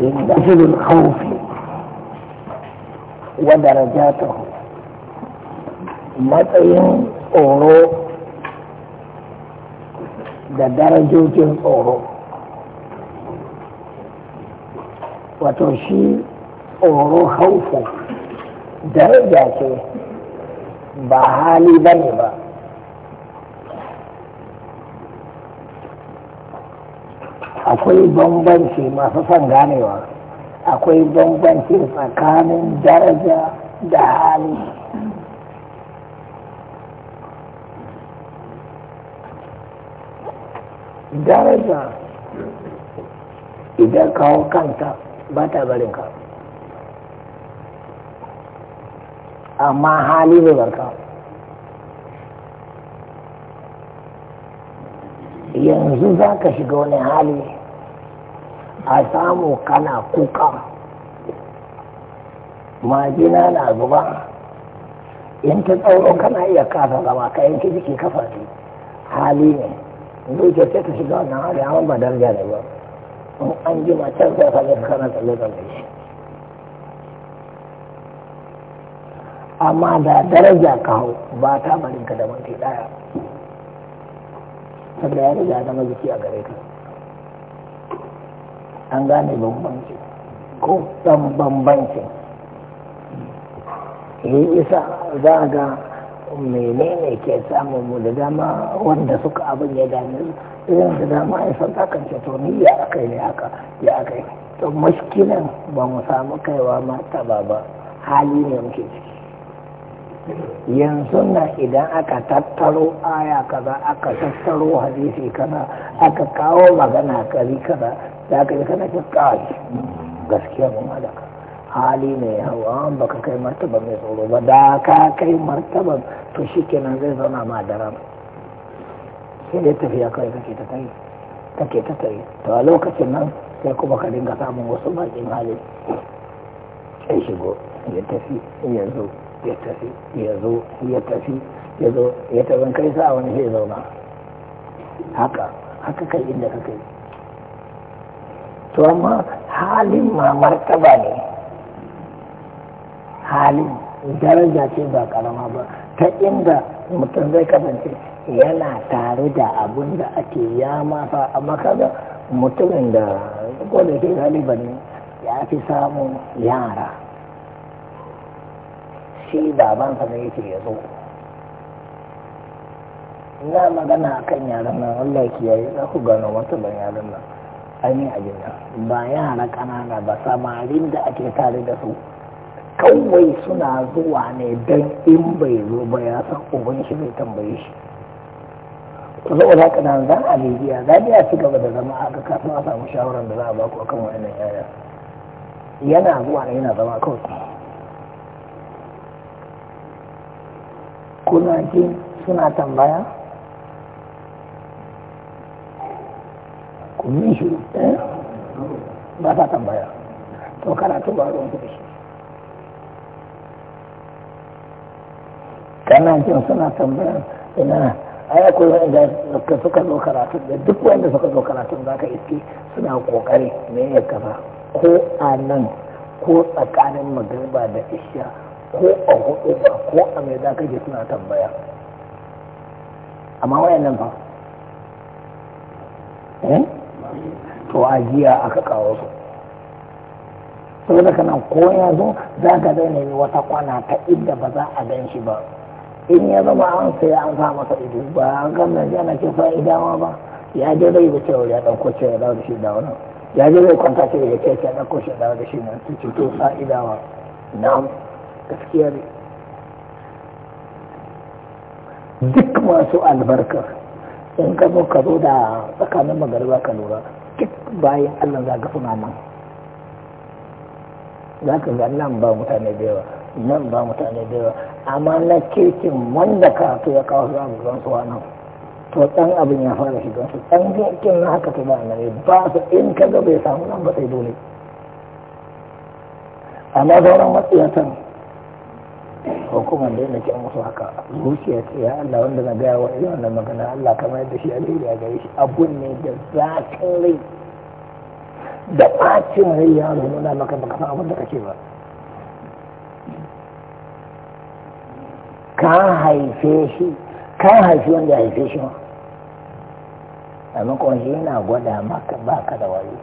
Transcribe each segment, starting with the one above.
لأجل الخوف ودرجاته متين أورو درجة أورو وتشي أورو خوفه درجاته بحالي بني بني akwai bambanci masu son ganewa akwai bambanci tsakanin daraja da hali daraja idan kawo kanta ba ta barin ka amma hali bai barka yanzu za ka shiga wani hali a samu kana kuka majina na zuba in ta tsauro kana iya kasa zama ka yanki jiki kafa ce hali ne zuciya ce ta shiga wannan hali amma ba daraja ne ba in an ji macen sai ka ga kana tsalle tsalle shi amma da daraja ka hau ba ta barinka da mantai daya saboda ya riga zama jiki a gare ka an gane bambanci ko ɗan bambanci yi eh, isa za a ga menene ke samun mu da dama wanda suka abin ya dame irin da dama ya san akan ce to ni ya aka ne aka ya aka yi to mashkilan ba mu samu kaiwa mata ba ba hali ne muke ciki yanzu na idan aka tattaro aya kaza aka tattaro hadisi kaza aka kawo magana kari kaza za ka yi kana cin gaskiya mun malaka hali ne hawa ba ka kai martaba mai tsoro ba da ka kai martaba to shi kenan zai zauna ma da ran sai dai tafiya kawai kake ta kai kake ta tare to a lokacin nan sai kuma ka dinga samun wasu bakin hali sai shigo ya tafi ya zo ya tafi ya zo ya tafi ya zo ya tafi kai sa wani zai zauna haka haka kai inda ka kai to amma halin ma martaba ne halin daraja ce ba karama ba ta inda mutum zai kasance yana tare da abun da ake ya mafa amma kaga mutumin da ko ke galiban ne ya fi samun yara shi babansa ne yake ya zo ina magana akan yaran nan Allah kiyaye za ku gano ban yaran nan a ajiyar ba yara ƙanana ba samarin da ake tare da su kawai suna zuwa ne don in bai zo ba ya san uban shi bai tambaye shi to zo da nan za a bibiya za a ci gaba da zama haka kasu a samu shawarar da za a ba ku akan wannan yaya yana zuwa ne yana zama kawai kuna jin suna tambaya yi shiru eh? ba ta tambaya to karatu ba ruwan shi kana jin suna tambayar ina aya kullum da suka zo karatu da duk wanda suka zo karatu za ka iske suna kokari me ya kafa ko a nan ko tsakanin magarba da isha ko a hudu ba ko a mai za ka je suna tambaya amma wayannan fa eh to a jiya aka kawo su daga nan ko ya zo za ka zai nemi wata kwana ta inda ba za a gan shi ba in ya zama an sai an sa masa ido ba an gama na ce fa'ida ma ba ya je zai da cewa ya ɗauko ce ya dawo da shi da wannan ya je zai kwanta ce ya ce ya ɗauko ce ya dawo da shi nan ta ce to fa'ida ma na gaskiya ne duk masu albarkar in ka zo ka zo da tsakanin magariba ka lura duk bayan allah za ga suna nan za ka ga nan ba mutane da yawa nan ba mutane da yawa amma na kirkin wanda to ya kawo za mu zan nan to dan abin ya fara shiga su dan kirkin na haka ta ba nan ba su in ka ga bai samu nan ba sai dole amma zauren matsiyatan hukuman da yana kyan musu haka zuciya ce ya Allah wanda na gaya wa iya wannan magana Allah kamar yadda shi alheri a gare shi abun ne da zaƙin rai da ɓacin rai ya nuna maka baka san abin da kake ba ka haife shi ka haife wanda ya haife shi ma a makon shi yana gwada maka baka da wayo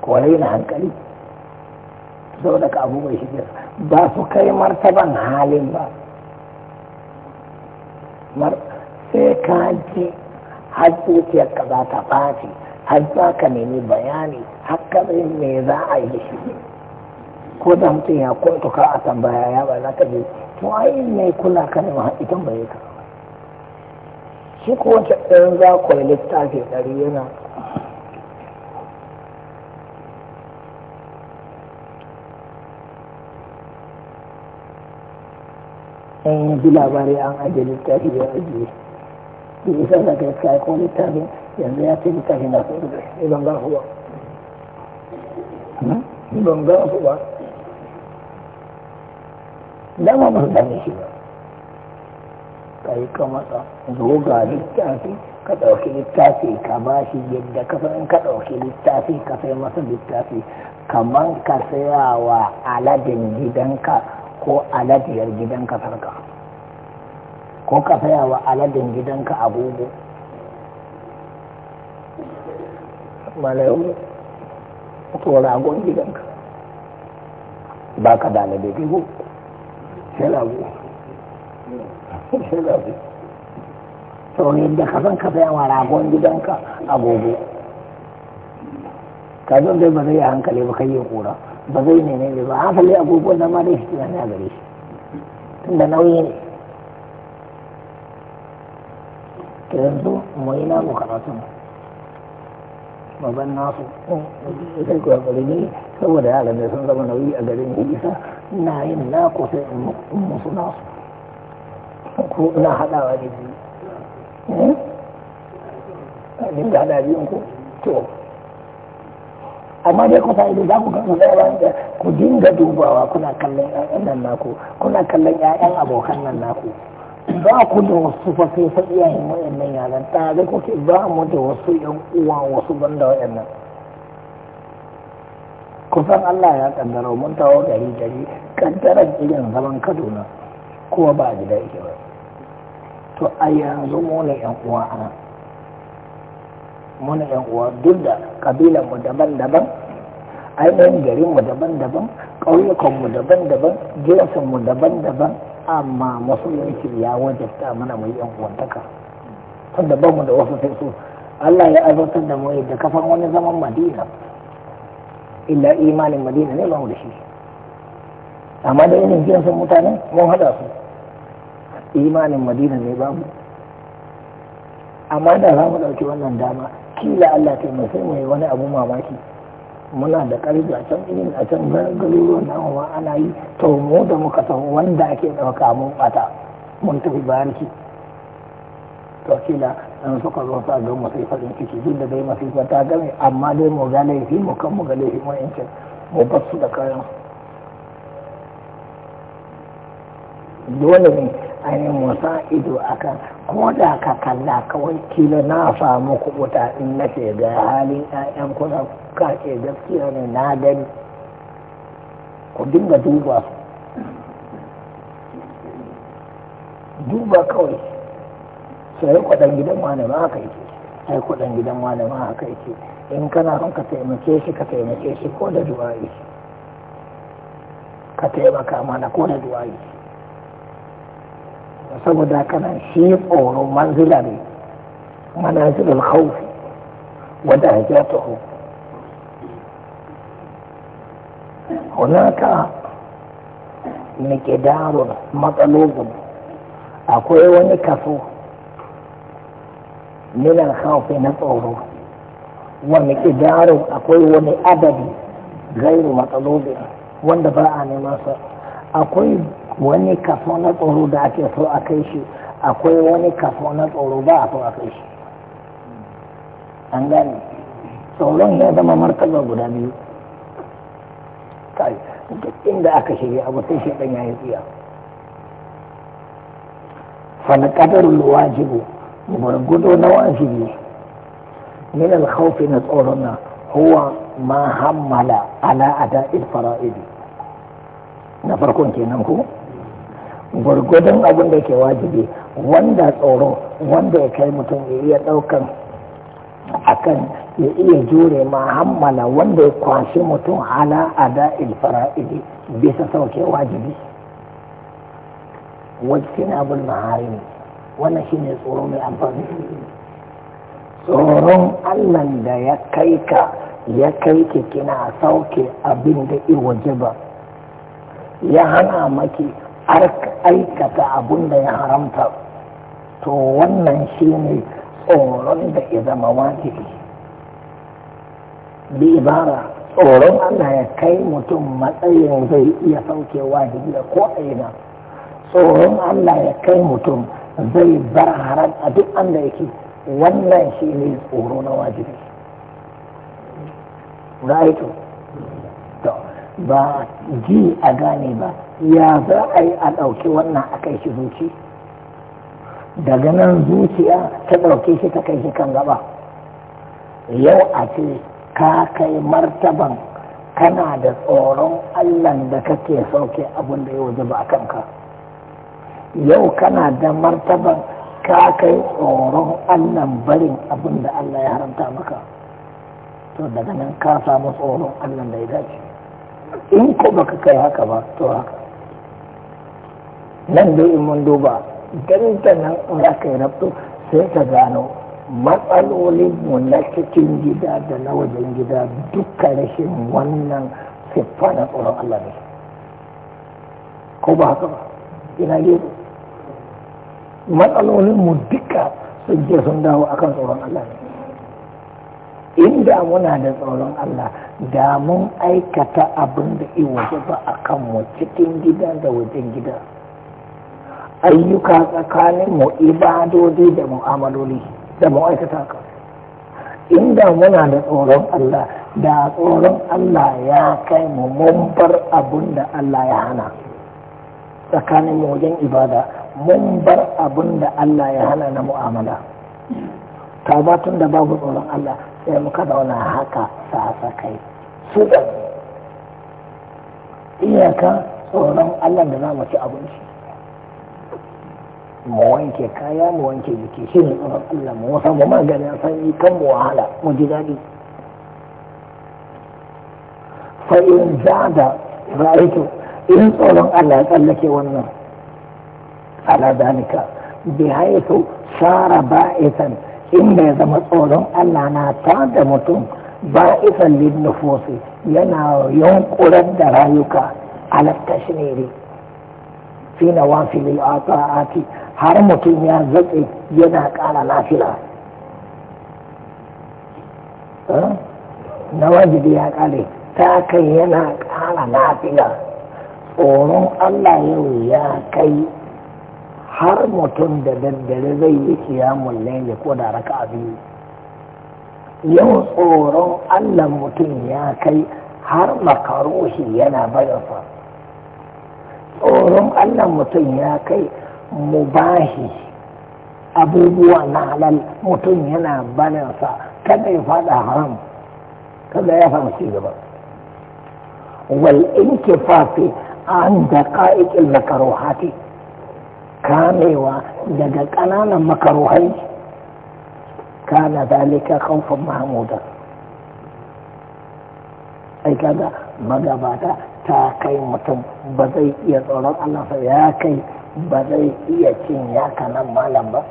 ko na hankali zo ka abu mai shigar ba su kai martaban halin ba sai ka ji har ka za ta fati har za ka nemi bayani hakkarin me za a yi shi ko da mutum ya ka a tambaya ya ba za ka je to ai me kula ka ne ma idan bai ka shi ko wancan ɗayan za ku yi littafi ɗari yana an yi labarai an ajiye littafi ya ajiye da isa za ka iska ko littafi, yanzu ya ce littafi na so da shi, ban gan ba ni ban gan hmm? ku ba dama ba su dame shi ba ka yi ka matsa zo littafi ka ɗauki littafi ka ba shi yadda ka san ka ɗauki littafi ka sai masa littafi kamar ka sayawa aladin gidanka ko aladiyar gidan kasarka, ko ka saya wa aladin gidanka agogo malayu ko ragon gidanka ba ka da labe ko sai rago sai rago sau ne da kasan ka saya wa ragon gidanka agogo ka don dai ba zai hankali ba kai ya kura بغيني من الضعاف اللي أقول بولنا ما ليش يعني هذا ليش كنا نوين كنتو موينا مخراتم مبنى صدق وقلني هو ده على نسان رب نوي أقلني إيسا نائم لا قصة أم صناص لا حدا وجدي ها؟ أنت على اليوم كو؟ شوف amma dai kusa idan za ku gano ɗaya bayan ku dinga dubawa kuna kallon ƴaƴan nan naku kuna kallon ƴaƴan abokan nan naku ba ku da wasu fa sai fa iyayen waɗannan yaran tare kuke ba mu da wasu ƴan uwa wasu banda waɗannan kusan Allah ya kaddara mun tawo gari gari kaddarar irin zaman Kaduna kuma ba a gida yake ba to a yanzu mu ne ƴan uwa ana muna yan uwa duk da kabilan mu daban-daban ainihin garin mu daban-daban ƙauyukan mu daban-daban jinsin mu daban-daban amma musulunci ya wajabta mana mu yan uwantaka tunda ba mu da wasu sai su Allah ya azartar da mu da kafan wani zaman Madina illa imanin Madina ne ba mu da shi amma da yanayin jinsin mutane mun hada su imanin Madina ne ba mu amma da za mu ɗauki wannan dama kila Allah ta mu sai wani abu mamaki muna da karfi a can irin a can garuruwan namu ma ana yi to mu da muka taho wanda ake ɗauka mun bata mun tafi bariki to kila an suka zo sa ga mu farin ciki duk da dai masifa ta game amma dai mu ga laifi mu kan mu ga laifi mu mu basu da kayan dole ne ainihin wasa ido kan ko da ka kalla kawai kila na samu kubuta in na ke ga halin 'ya'yan kuna ka ke gaskiya ne na gani ku dinga duba duba kawai sai kudan gidan wani ma haka yake sai kudan gidan wani ma haka yake in kana son ka taimake shi ka taimake shi ko da duwaye ka taimaka mana ko da duwaye saboda kana shi tsoro manzila ne manazilul khawfi wa darajatuhu hunaka miqdarun matsalobin akwai wani kaso minan khawfi na tsoro wa miqdarun akwai wani adadi gairu matsalobin wanda ba a neman sa akwai wani kafo na tsoro da ake so a kai shi akwai wani kafo na tsoro ba a so a kai shi an gane tsoron ya zama martaba guda biyu duk inda aka shiga abu sai shi ɗan yayi tsiya fana kadarul wajibu gurgudo na wajibi min alkhawfi na tsoron na huwa ma hammala ala ada fara'idi na farkon kenan ko gwargwadon abin da ke wajibi wanda tsoro wanda ya kai mutum ya iya ɗaukan akan ya iya jure ma hammala wanda ya kwashe mutum ala ada il-fara'idi bisa sauke wajibi na abin maharin wannan shi ne tsoro mai amfani tsoron allan da ya kai ka ya kai ki kina sauke abin da iwaje ba ya hana maki aikata abun da ya haramta to wannan shi ne tsoron da ya zama wajibi bi ibara tsoron Allah ya kai mutum matsayin zai iya sauke wajibi da ko aina tsoron Allah ya kai mutum zai bar haram a duk an da yake wannan shi ne tsoro na wajibi. Right. ba ji a gane ba ya za a yi a ɗauki wannan a kai shi zuci daga nan zuciya ta ɗauke shi ta kai shi kan gaba yau a ce ka kai martaban kana da tsoron allan da kake sauke abin da ya waje a kanka yau kana da martaban ka kai tsoron allah barin abin da allah ya haramta maka to daga nan ka samu tsoron allan da ya dace in ko ka kai haka ba to haka nan dai in mun duba dandanan in aka yi rabto sai ka gano matsalolin mu na cikin gida da na wajen gida duka rashin wannan siffa na tsoron Allah ne ko ba haka ba ina gefe matsalolin mu duka sun je sun dawo akan tsoron Allah ne inda muna da tsoron Allah da mun aikata abin da iwaje ba a kanmu cikin gida da wajen gida ayyuka tsakanin mu ibadodi da mu'amaloli da aikata ka inda muna da tsoron Allah da tsoron Allah ya kai mu mun bar abin da Allah ya hana tsakanin mu wajen ibada mun bar abin da Allah ya hana na mu'amala ta batun da babu tsoron Allah sai muka zauna haka sa kai su da iyaka tsoron allah da za mu ci abinci mu wanke kaya mu wanke jiki shi ne tsoron allah mu wasa mu maganin sanyi kan mu wahala mu ji daɗi Sai in za da ra'aito in tsoron allah ya tsallake wannan ala dalika bi haitu sara ba'isan In da ya zama tsoron Allah na ta da mutum ba isan linnufosi yana yunkurar da rayuka alatta shi ne fi na ati har mutum ya zaɓe yana ƙara lafiya na wajibi ya ƙare ta kai yana ƙara lafiya tsoron Allah yau ya kai har mutum da daddare zai yi kiyamun laili ko da raka biyu yau tsoron allah mutum ya kai har makaroshi yana bayansa tsoron allah mutum ya kai mubahi abubuwa na halal mutum yana bayansa kada ya fada haram kada ya fahimci gaba wal inkifafi an da ka'ikin makarohati kamewa daga ƙananan makaruhai kana zalika khawfan mahmuda ai kaga magabata ta kai mutum ba zai iya tsoron Allah sa ya kai ba zai iya cin ya kanan malam ba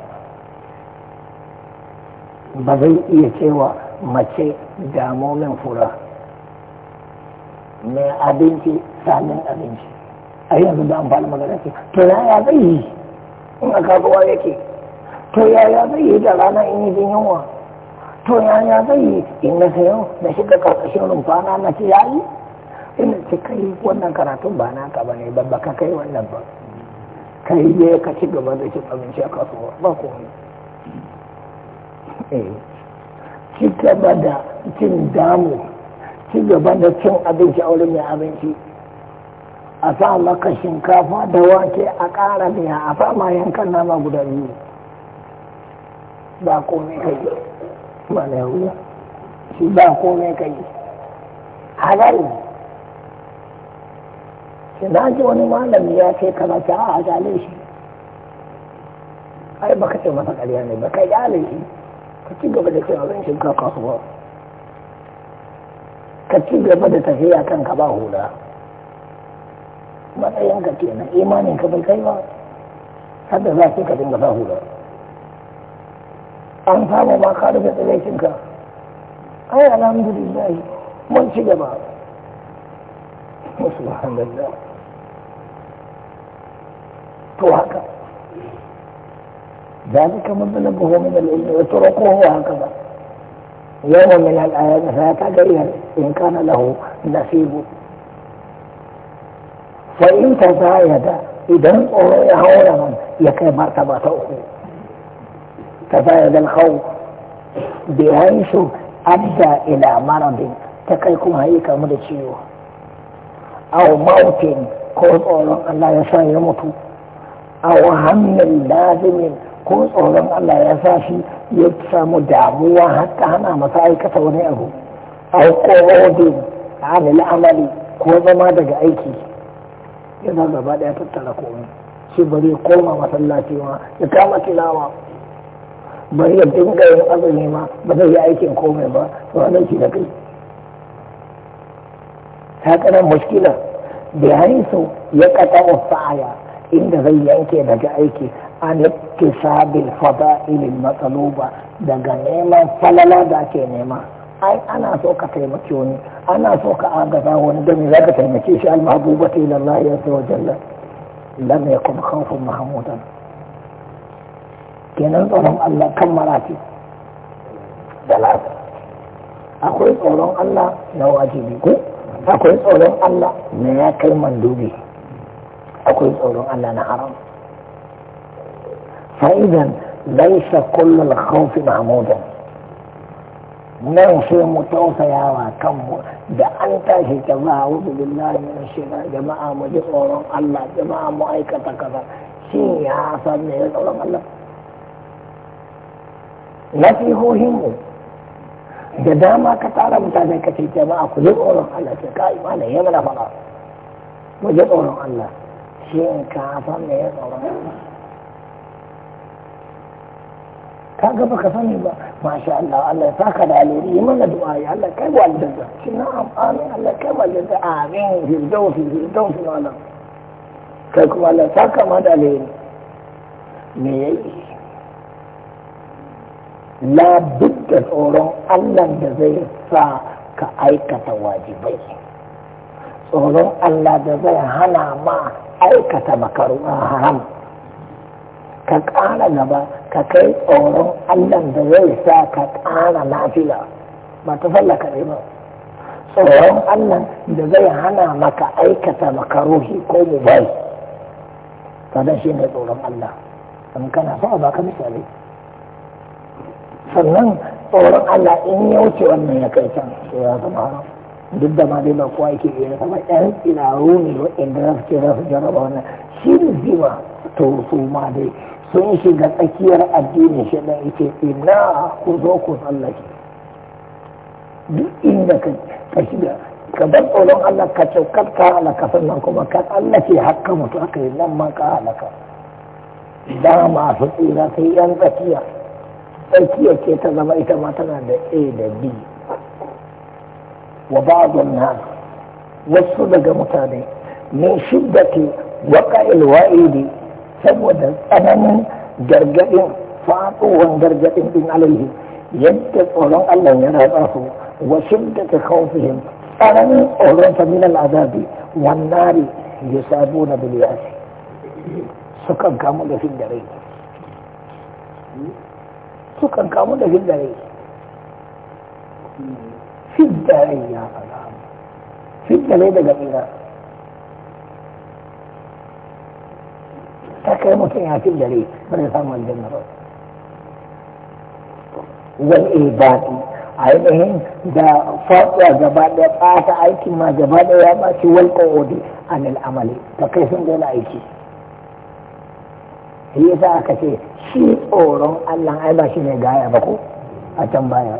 ba zai iya cewa mace damomin fura mai abinci samin abinci a yanzu da amfani magana ce to ya zai yi ina kafuwa yake to yaya zai yi da rana in yi jin yunwa to yaya zai yi in na sayo na shiga karkashin rumfana na ce yayi ina ce kai wannan karatun ba na ka bane babba ka kai wannan ba kai ne ka ci gaba da cin abinci a kasuwa ba komai eh ci gaba da cin damu ci gaba da cin abinci a wurin mai abinci a sa maka shinkafa da wake a ƙara biya a fama yankan nama guda biyu ba komai yi, ba na yahuda shi ba komai yi halal shi na ji wani malami ya ce kama ta a jale shi ai baka ce masa ƙarya ne baka jale shi ka ci gaba da cewa zan shinkafa su ba ka ci gaba da tafiya kanka ba hula matsayinka kenan imanin ka bai kai ba har da za ka dinga sa hula an samu ma ka rufe ka ai alhamdulillah mun ci gaba wasu subhanallah to haka ذلك مطلبه من العلم وتركه هكذا يوم من الآيات فيتغير إن كان له نصيب wa in ta zayada idan tsoro ya hau man ya kai martaba ta uku ta zayada al-khawf bi haythu adda ila maradin ta kai kuma yi da cewa aw mautin ko tsoron Allah ya sa ya mutu aw hammin lazimin ko tsoron Allah ya sa shi ya samu damuwa hatta hana masa aikata wani abu aw qawdin an al-amali ko zama daga aiki yana gaba gaba ya tattara komai shi bari ya koma masallaci ma ya kama tilawa bari ya dinga yin azumi ma ba zai yi aikin komai ba to anan shi da kai ta kana mushkila da haisu ya kata aya inda zai yanke daga aiki an fada ilin matsaluba daga neman falala da ake nema ai ana so ka taimaki wani ana so ka agaza wani don za ka taimake shi al-mahbubati ila Allah ya sa wa jalla lam yakun khawfun mahmudan kenan tsoron Allah kan marati da lafiya akwai tsoron Allah na wajibi ko akwai tsoron Allah na ya kai mandubi akwai tsoron Allah na haram fa'idan laisa kullum khawfi mahmudan nan sai mu tausayawa kanmu da an tashi jama'a wuzu billahi na shiga jama'a mu ji tsoron Allah jama'a mu aikata kaza shi ya san ne ya tsoron Allah nasihohin mu da dama ka tara mutane ka ce jama'a ku ji tsoron Allah ke ka imana ya mana fara mu ji tsoron Allah shi ka san ne ya tsoron Allah kaga baka sani ba masha Allah Allah ya saka da alheri yi mana du'a ya Allah kai wa aljanna shi na'am amin Allah kai wa aljanna amin firdausi firdausi malam kai kuma Allah ya saka ma da alheri me yayi la da tsoron Allah da zai sa ka aikata wajibai tsoron Allah da zai hana ma aikata makaruwa haram ka ƙara gaba ka kai tsoron Allah da zai sa ka ƙara lafiya ba ta fallaka kaɗai ba tsoron Allah da zai hana maka aikata makaruhi ko mubai kada shi ne tsoron Allah in kana so ba ka misali sannan tsoron Allah in ya wuce wannan ya kai can to ya zama duk da ma dai ba kowa yake iya sama ɗan tsinaru ne waɗanda za su ce za su jarraba wannan shi ne zima to su ma dai sun shiga tsakiyar addini shi da yake ina ku zo ku tsallake duk inda ka shiga ka bar tsoron Allah ka caukar ka halaka sannan kuma ka tsallake hakka mutu aka yi nan ma ka halaka da masu tsira sai yan tsakiya tsakiya ce ta zama ita ma tana da a da b wa ba'dun na wasu daga mutane mai shiddake waqa'il wa'idi saboda tsananin gargaɗin faɗuwan gargaɗin ɗin alaihi yadda tsoron Allah ya ratsa su wa shiddata khawfihim tsananin tsoron sa min al'azabi wannari yusabuna bil yasi sukan kamu da fin dare sukan kamu da fin dare fin dare ya fara fin dare daga ina ta kai mutum ya fi dare ba zai aljanna ba wani ibadi ainihin da faɗuwa gaba ɗaya ɓata aikin ma gaba da ya ɓaci walƙa odi an al'amali ta kai sun daina aiki shi yasa aka ce shi tsoron Allah ai ba shi ne gaya ba ko a can baya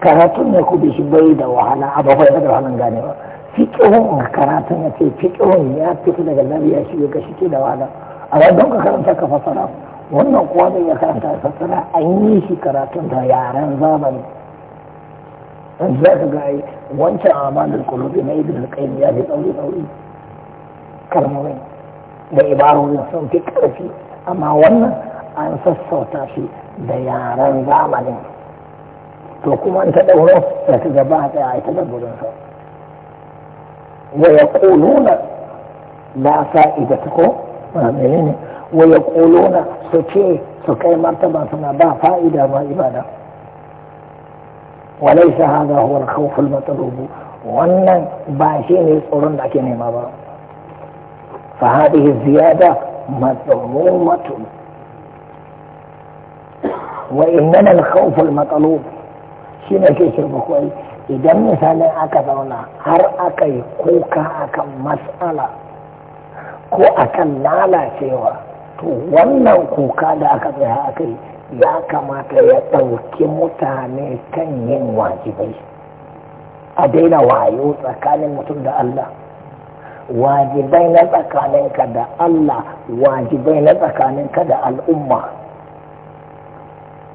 karatun ne ku shi bai da wahala a bakwai da wahalan ganewa fiƙihun karatun ya ce fiƙihun ya fito daga lafiya shi ga shi ke da wahala A don ka karanta ka fasara wannan kuwa zai ya karanta ya fasara an yi shi karatun da yaren zamani za ka ga wancan amalin kulubi na da al ya fi tsauri tsauri kalmomin da ibarorin sun fi karfi amma wannan an sassauta shi da yaren zamanin to kuma an ta ɗauro da ta gaba ta ya ta wa ya ƙuluna la sa'ida ta ko فهمينيني ويقولون سكي سكي مرتبة نبا فائدة وإبادة وليس هذا هو الخوف المطلوب وأن باشيني يقولون لكني ما فهذه الزيادة مضمومة وإننا الخوف المطلوب شين كيشر بخوي إذا مثلا أكثرنا هر أكي كوكا أكا مسألة ko a kan lalacewa to wannan kuka da aka tsaya aka yi ya kamata ya ɗauki mutane kan yin wajibai a daina wayo tsakanin mutum da Allah wajibai na tsakaninka da Allah wajibai na tsakaninka da al'umma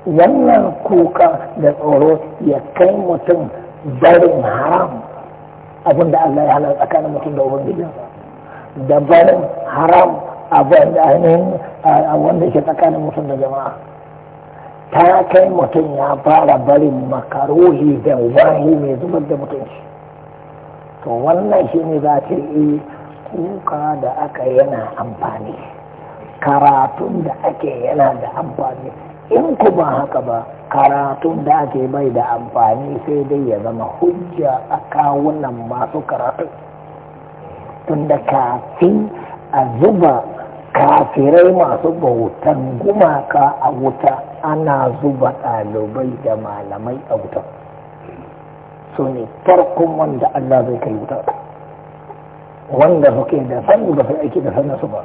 wannan kuka da tsoro ya kai mutum barin haram abinda Allah ya hana tsakanin mutum da ubangijinsa da haram abin da ainihin wanda ke tsakanin mutum da jama'a ta kai mutum ya fara barin makaruhi da wahi mai zubar da mutunci to wannan shi ne za ta yi kuka da aka yana amfani karatun da ake yana da amfani in ku ba haka ba karatun da ake bai da amfani sai dai ya zama hujja a kawunan masu karatun tunda kafin a zuba kafirai masu bautan gumaka a wuta ana zuba ɗalibai da malamai a wuta su ne farkon wanda Allah zai kai wuta wanda suke da sanu ba su aiki da sanin su ba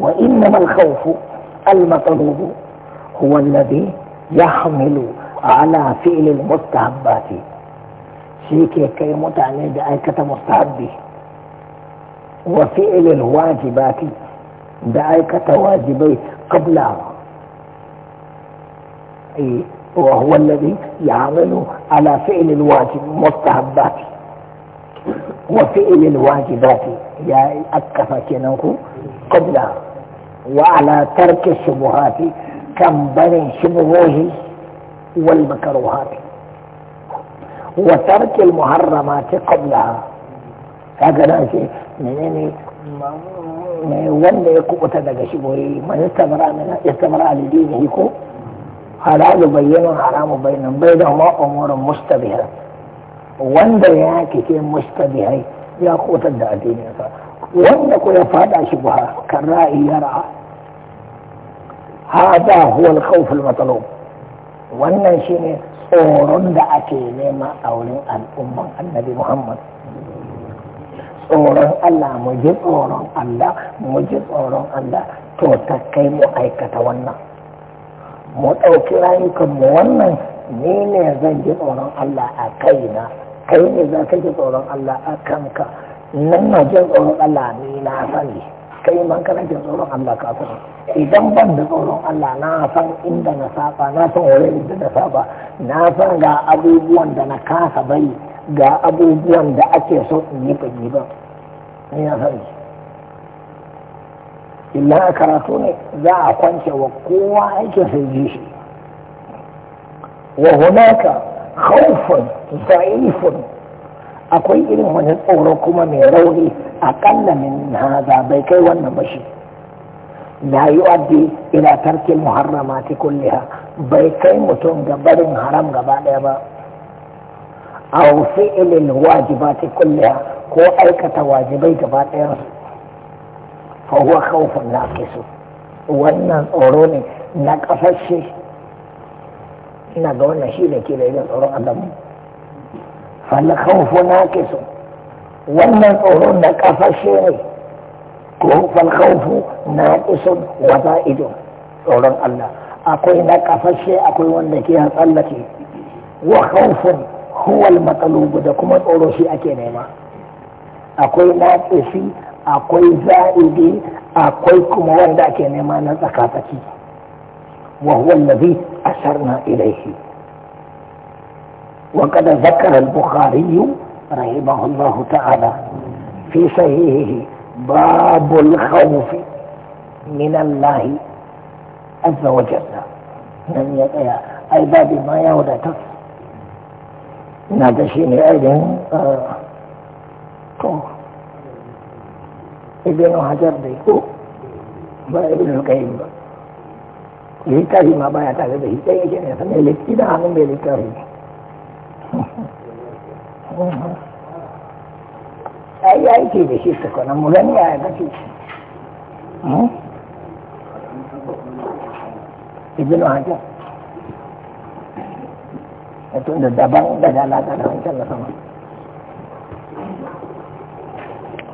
wa inna mal khawfu al matlubu huwa alladhi yahmilu ala fi'l al mustahabbati شيكي كي kai mutane da aikata mustahabbi wa fi'ilil wajibati da وهو الذي يعمل على فعل الواجب مستحبات وفعل الواجبات يا أكفا كنكو قبل وعلى ترك الشبهات كم بني شبهه والمكروهات وترك المحرمات قبلها هذا لا شيء من ولا يكو تدق شبهي من استمر من استمر لدينه يكو حلال بين حرام بين بينهما امور مستبهه وند يا كي مستبهه يا قوت الدين وند كو يفادى شبهه كالرائي يرى هذا هو الخوف المطلوب وانا شيني tsoron da ake nema a wurin al'umman annabi muhammad tsoron allah mu ji tsoron allah mu ji tsoron allah to ta kai mu aikata wannan mu ɗauki mu wannan ni ne zan ji tsoron allah a kaina kai ne za ka ji tsoron allah a kanka nan na ji tsoron allah ni na sani kai ma kana jin tsoron Allah ka idan ban da tsoron Allah na san inda na saba na san wurin da na saba na san ga abubuwan da na kasa bari ga abubuwan da ake so in yi ban yi ba ni na sani illa a karatu ne za a kwance wa kowa yake sai ji shi wa hunaka khawfun za'ifun akwai irin wani tsoro kuma mai rauni aƙalla min haza bai kai wannan ba shi la yu'addi ila tarkil ta kulliha bai kai mutum ga barin haram gaba ɗaya ba aw fi'lil ta kulliha ko aikata wajibai gaba ɗaya fa na khawfun su wannan tsoro ne na kafashe ina ga wannan shi ne ke da irin tsoron adamu naqisu wannan tsoro da kafashe ne ko falkhawfu naqisu wa za'idun tsoron Allah akwai na kafashe akwai wanda ke tsallake wa khawfun huwa al da kuma tsoro shi ake nema akwai naqisi akwai za'idi akwai kuma wanda ake nema na tsaka-tsaki wa huwa allazi asharna ilayhi وقد ذكر البخاري رحمه الله تعالى في صحيحه باب الخوف من الله عز وجل اي باب ما يودع تفسير هذا شيء ايضا آه، ابن حجر بيكو ما ابن القيم ليتاري ما بايا تاري بيكو ليتاري ما بايا تاري بيكو ليتاري ما بايا تاري بيكو ai aiki da shi tukunan mu gani ya gafi ibn hajar tun da daban daga alaƙa da wancan na sama